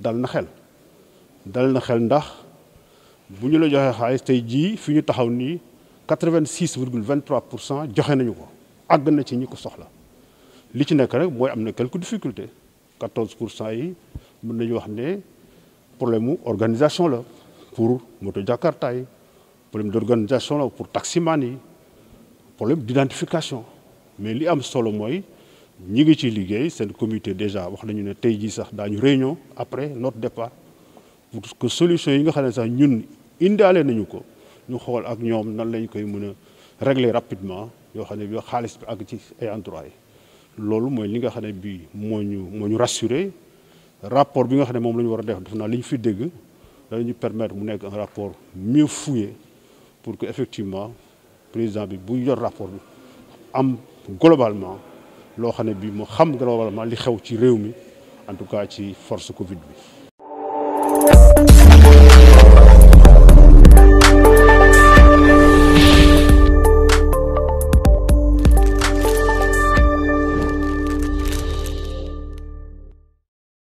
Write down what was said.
dal na xel dal na xel ndax bu ñu la joxe xaalis tey jii fi ñu taxaw nii quatre virgule vingt pour cent joxe nañu ko àgg na ci ñi ko soxla li ci nekk rek mooy am na quelques difficultés 14 pour cent yi mën nañu wax ne problème organisation la pour moto jakarta yi problème d'organisation la pour taximan yi problème d'identification mais li am solo mooy ñi ngi ci liguey sen comité déjà wax nañu né tay ji sax dañu réunion après notre départ pour que solution yi nga xam sax ñun indalé nañu ko ñu xol ak ñom nan lañ koy mëna régler rapidement yo xam ne bi xaalis bi ak ci ay endroit lolu moy li nga xam bi moñu moñu rassurer rassuré rapport bi nga xam mom moom wara a def def liñ fi dégg dañu permettre mu nekk un rapport mieux fouillé pour que effectivement président bi bu yor rapport bi am globalement loo xam ne bii mu xam globalement li xew ci réew mi en tout cas ci force Covid bi.